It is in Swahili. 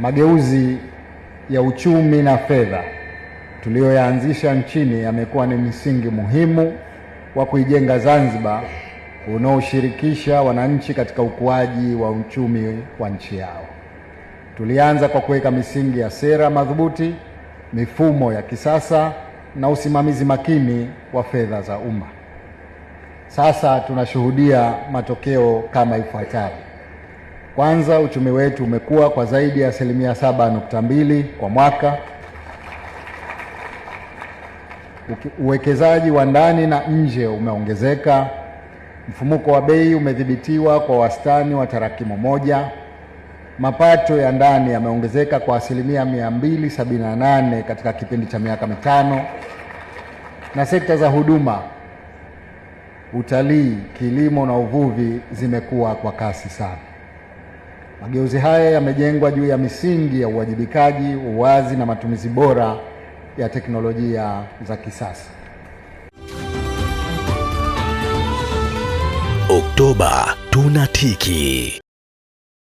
Mageuzi ya uchumi na fedha tuliyoyaanzisha nchini yamekuwa ni msingi muhimu wa kuijenga Zanzibar unaoshirikisha wananchi katika ukuaji wa uchumi wa nchi yao. Tulianza kwa kuweka misingi ya sera madhubuti, mifumo ya kisasa na usimamizi makini wa fedha za umma. Sasa tunashuhudia matokeo kama ifuatavyo. Kwanza, uchumi wetu umekuwa kwa zaidi ya asilimia 7.2 kwa mwaka. Uwekezaji wa ndani na nje umeongezeka. Mfumuko wa bei umedhibitiwa kwa wastani wa tarakimu moja. Mapato ya ndani yameongezeka kwa asilimia 278 katika kipindi cha miaka mitano, na sekta za huduma, utalii, kilimo na uvuvi zimekuwa kwa kasi sana. Mageuzi haya yamejengwa juu ya misingi ya uwajibikaji, uwazi na matumizi bora ya teknolojia za kisasa. Oktoba tunatiki.